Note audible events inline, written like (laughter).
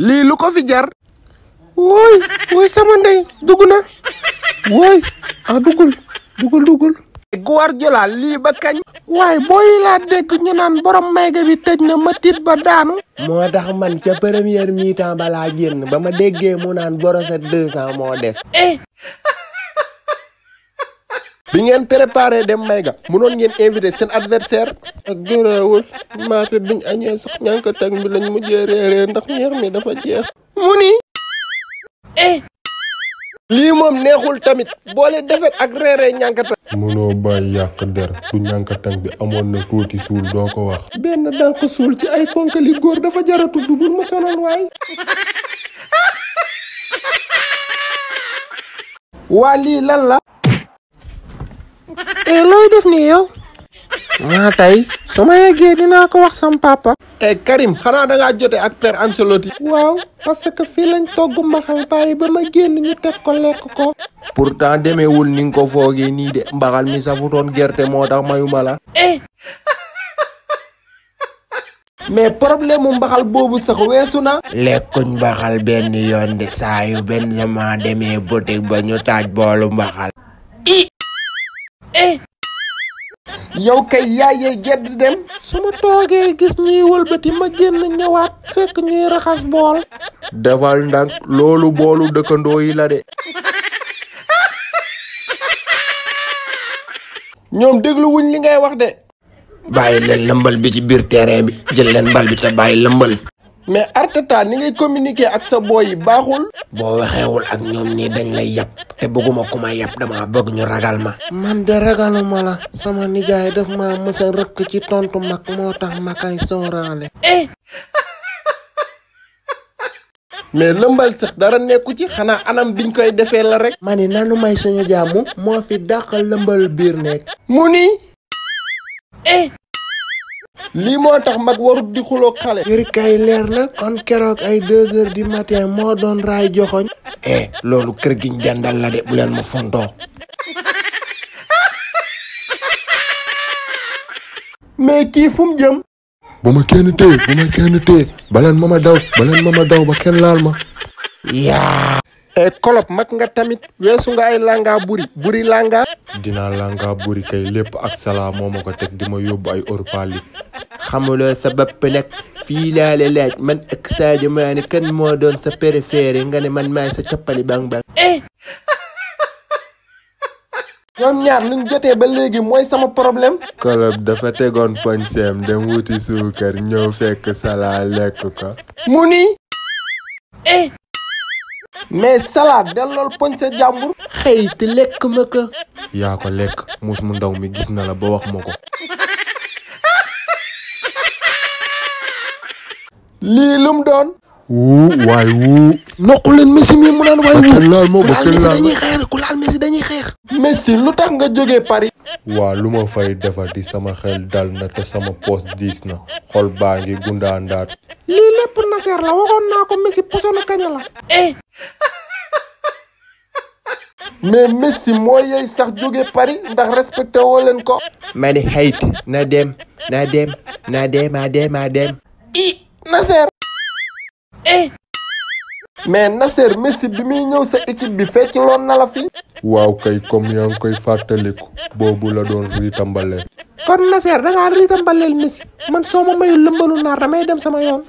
lii lu ko fi jar wooy wooy sama ndey dugg na wooy a ah, duggul duggul duggul Guardiola lii ba kañ waaye booyi laa dégg ñu naan borom mayga bi tëj na ma tiit ba daanu moo tax man ca première mi-temps balaa génn ba ma déggee mu naan borosé deux cent moo des eh. bi ngeen préparé dem may ga mënoon ngeen invité seen adversaire ak gërawul maafe biñ añee suq ñànka bi lañu mujjee réeree ndax ñeex mi dafa jeex mu ni eh, lii moom neexul tamit boole defet ak reeree ñànkatang mënoo bàyyi yàq der du ñànkatang bi amoon na tuuti suul doo ko wax benn dànk suul ci ay ponkali góor dafa jara tudd bul ma sonal waay waa lii lan la eh looy def nii yow. maa ah, tey su ma yeggee dinaa ko wax sam papa. eh Karim xanaa da jote ak père Ancelotti. waaw parce que fii lañ togg mbaxal bàyyi ba ma génn ñu teg ko lekk ko. pourtant demeewul ni nga ko foogee nii de mbaxal mi safutoon gerte moo tax mayuma la. eh. mais problème mbaxal boobu sax weesu na. lekkuñ mbaxal benn yoon de saa yu benn jamono demee boutique ba ñu taaj boolu mbaxal. yow kay yaayee gedd dem su ma toogee gis ñuy wëlbati ma génn ñëwaat fekk ñuy raxas bool defal ndànk loolu boolu dëkkandoo yi la de ñoom déglu wuñ li ngay wax de bàyyi leen lëmbal bi ci biir terrain bi jël leen bal bi te bàyyi lëmbal mais Arteta ni ngay communiquer ak sa booy yi baaxul. boo waxeewul ak ñoom nii dañ lay yab te bëgguma ku ma yab dama bëgg ñu ragal ma. man de ragaluma la sama nijaay daf ma mës a rëkk ci tontu mag moo tax ma kay sooraale. Eh. (laughs) mais lëmbal sax dara nekku ci xanaa anam biñ koy defee la rek. ma ni nanu may suñu jàmm moo fi dàqal lëmbal biir nekk. mu ni. Eh. lii moo tax mag warut di xuloo xale yëri kay leer na kon keroog ay deux heures du matin moo doon raay joxoñ eh loolu kër giñ jàndal la de bu leen ma fontoo mais kii fu mu jëm bu ma kenn téye bu ma kenn téye baleen ma ma ma daw ba kenn laal ma yaa eh, kolop mag nga tamit weesu nga ay langa buri buri langa dinaa langa buri kay lépp ak salaa moo ma ko di ma yóbbu ay orpali xamuloo sa bopp nag fii laa la laaj man ak Sadio Mané moo doon sa préféré nga ne man maay sa cappali bang bang. Eh! ñoom ñaar luñ jotee ba léegi mooy sama problème. kolob dafa tegoon poñseem dem wuti suukar ñëw fekk salaa lekk ko. mu ni. Eh! mais salade dellool poñ sa jàmbur. xëy lekk ma ko. yaa ko lekk muus mu ndaw mi gis na la ba wax ma ko. lii lum doon. wuu waay wuu. noqu Messi mi mu naan waay wuu. ku laal Messi dañuy xeex. Messi lu tax nga jógee Paris. waa lu ma fay defati sama xel dal na te sama poos diis na xol baa ngi gundaandaat. lii lépp naseer la waxoon naa ko Messi posonu kaña la. eh. Messi moo yey sax jóge Paris ndax respecté woo leen ko. ma ne na dem na dem na dem a dem. Nasser. eh. mais Nasser Messi bi muy ñëw sa équipe bi fekk loon na la fi. waaw kay comme yaa ngi koy fàttaliku boobu la doon ritambalee. kon Nasser da ngaa ritambaleel Messi man soo ma mayul lëmbalu naar damay dem sama yoon.